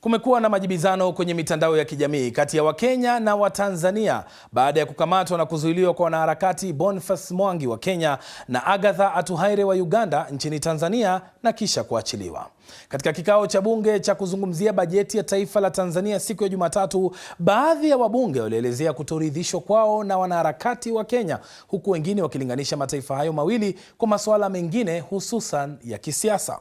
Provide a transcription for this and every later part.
Kumekuwa na majibizano kwenye mitandao ya kijamii kati ya Wakenya na Watanzania baada ya kukamatwa na kuzuiliwa kwa wanaharakati Boniface Mwangi wa Kenya na Agatha Atuhaire wa Uganda nchini Tanzania na kisha kuachiliwa. Katika kikao cha bunge cha kuzungumzia bajeti ya taifa la Tanzania siku ya Jumatatu, baadhi ya wabunge walielezea kutoridhishwa kwao na wanaharakati wa Kenya, huku wengine wakilinganisha mataifa hayo mawili kwa masuala mengine hususan ya kisiasa.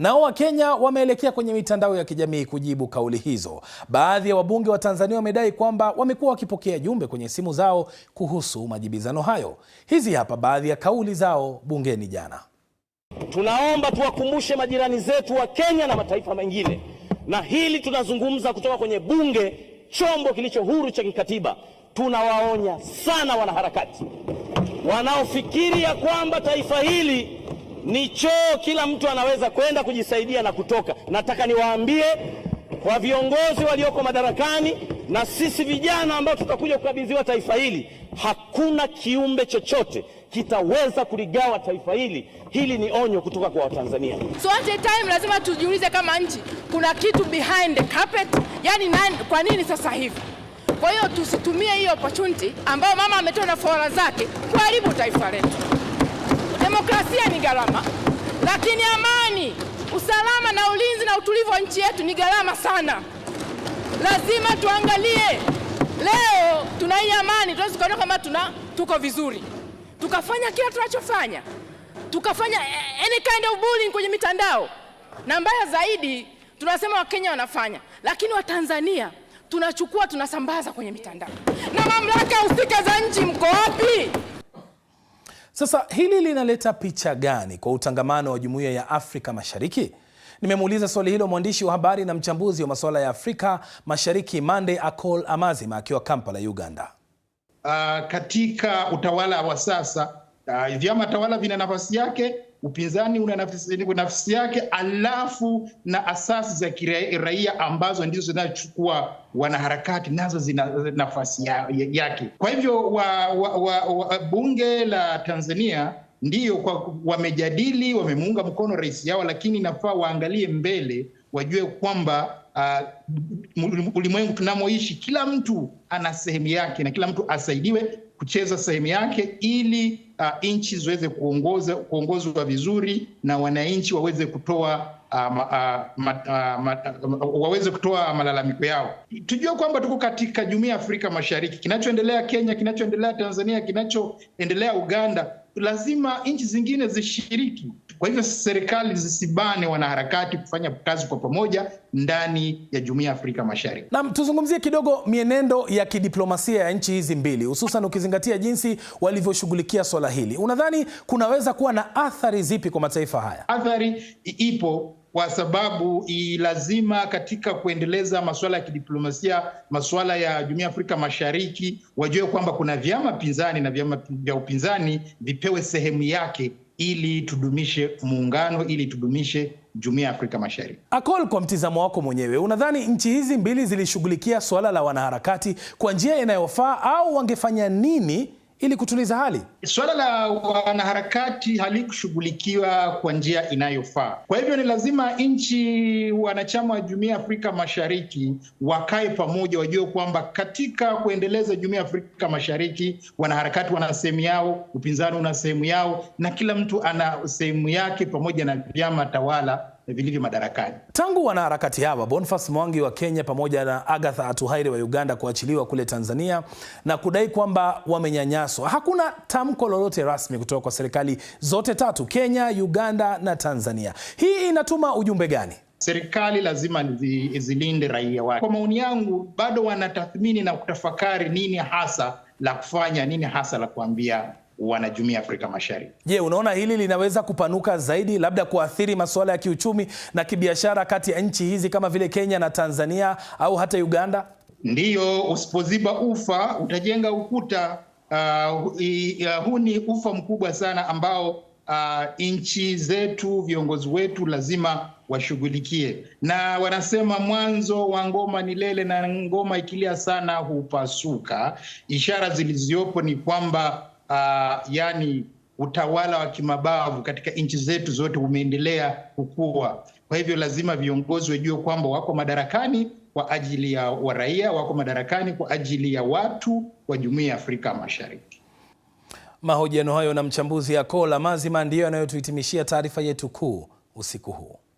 Nao Wakenya wameelekea kwenye mitandao ya kijamii kujibu kauli hizo. Baadhi ya wabunge wa Tanzania wamedai kwamba wamekuwa wakipokea jumbe kwenye simu zao kuhusu majibizano hayo. Hizi hapa baadhi ya kauli zao bungeni jana. Tunaomba tuwakumbushe majirani zetu wa Kenya na mataifa mengine, na hili tunazungumza kutoka kwenye bunge, chombo kilicho huru cha kikatiba. Tunawaonya sana wanaharakati wanaofikiri ya kwamba taifa hili ni choo, kila mtu anaweza kwenda kujisaidia na kutoka. Nataka niwaambie kwa viongozi walioko madarakani na sisi vijana ambao tutakuja kukabidhiwa taifa hili, hakuna kiumbe chochote kitaweza kuligawa taifa hili. Hili ni onyo kutoka kwa Watanzania. So at the time lazima tujiulize kama nchi kuna kitu behind the carpet, yani nani, kwa nini sasa hivi? Kwa hiyo tusitumie hiyo opportunity ambayo mama ametoa na fora zake kuharibu taifa letu. Demokrasia ni gharama, lakini amani, usalama na ulinzi na utulivu wa nchi yetu ni gharama sana. Lazima tuangalie leo tuna hii amani, tuwezi tukaona kama tuna tuko vizuri, tukafanya kila tunachofanya, tukafanya eh, any kind of bullying kwenye mitandao, na mbaya zaidi tunasema Wakenya wanafanya, lakini Watanzania tunachukua tunasambaza kwenye mitandao, na mamlaka ya husika za nchi, mko wapi? Sasa hili linaleta picha gani kwa utangamano wa Jumuiya ya Afrika Mashariki? Nimemuuliza swali hilo mwandishi wa habari na mchambuzi wa masuala ya Afrika Mashariki Mande Akol Amazima akiwa Kampala, Uganda. Uh, katika utawala wa sasa uh, vyama tawala vina nafasi yake upinzani una nafsi, nafsi yake, alafu na asasi za kiraia ambazo ndizo zinachukua wanaharakati nazo zina nafasi ya, ya, yake. Kwa hivyo wa, wa, wa, wa, bunge la Tanzania ndiyo wamejadili, wamemuunga mkono rais yao, lakini inafaa waangalie mbele, wajue kwamba uh, ulimwengu tunamoishi kila mtu ana sehemu yake na kila mtu asaidiwe kucheza sehemu yake ili uh, nchi ziweze kuongoza kuongozwa vizuri na wananchi waweze kutoa uh, uh, uh, uh, uh, waweze kutoa malalamiko yao. Tujue kwamba tuko katika jumuiya ya Afrika Mashariki, kinachoendelea Kenya, kinachoendelea Tanzania, kinachoendelea Uganda lazima nchi zingine zishiriki. Kwa hivyo serikali zisibane wanaharakati kufanya kazi kwa pamoja ndani ya Jumuiya ya Afrika Mashariki. Naam, tuzungumzie kidogo mienendo ya kidiplomasia ya nchi hizi mbili, hususan ukizingatia jinsi walivyoshughulikia swala hili. Unadhani kunaweza kuwa na athari zipi kwa mataifa haya? Athari ipo kwa sababu lazima katika kuendeleza masuala ya kidiplomasia, masuala ya Jumuiya ya Afrika Mashariki, wajue kwamba kuna vyama pinzani na vyama vya upinzani vipewe sehemu yake ili tudumishe muungano, ili tudumishe Jumuiya ya Afrika Mashariki. Akol, kwa mtizamo wako mwenyewe, unadhani nchi hizi mbili zilishughulikia suala la wanaharakati kwa njia inayofaa au wangefanya nini ili kutuliza hali. swala la wanaharakati halikushughulikiwa kwa njia inayofaa. Kwa hivyo ni lazima nchi wanachama wa Jumuiya ya Afrika Mashariki wakae pamoja, wajue kwamba katika kuendeleza Jumuiya ya Afrika Mashariki wanaharakati wana sehemu yao, upinzani una sehemu yao, na kila mtu ana sehemu yake pamoja na vyama tawala vilivyo madarakani. Tangu wanaharakati hawa Boniface Mwangi wa Kenya pamoja na Agatha Atuhaire wa Uganda kuachiliwa kule Tanzania na kudai kwamba wamenyanyaswa, hakuna tamko lolote rasmi kutoka kwa serikali zote tatu, Kenya, Uganda na Tanzania. Hii inatuma ujumbe gani? Serikali lazima zilinde raia wake. Kwa maoni yangu, bado wanatathmini na kutafakari nini hasa la kufanya, nini hasa la kuambia wanajumuiya Afrika Mashariki. Je, unaona hili linaweza kupanuka zaidi, labda kuathiri masuala ya kiuchumi na kibiashara kati ya nchi hizi kama vile Kenya na Tanzania au hata Uganda? Ndiyo, usipoziba ufa utajenga ukuta. Uh, uh, huu ni ufa mkubwa sana ambao uh, nchi zetu, viongozi wetu lazima washughulikie, na wanasema mwanzo wa ngoma ni lele, na ngoma ikilia sana hupasuka. Ishara zilizopo ni kwamba uh, yani utawala wa kimabavu katika nchi zetu zote umeendelea kukua. Kwa hivyo lazima viongozi wajue kwamba wako madarakani kwa ajili ya waraia, wako madarakani kwa ajili ya watu wa jumuiya ya Afrika Mashariki. Mahojiano hayo na mchambuzi Akola Mazima ndiyo yanayotuhitimishia taarifa yetu kuu usiku huu.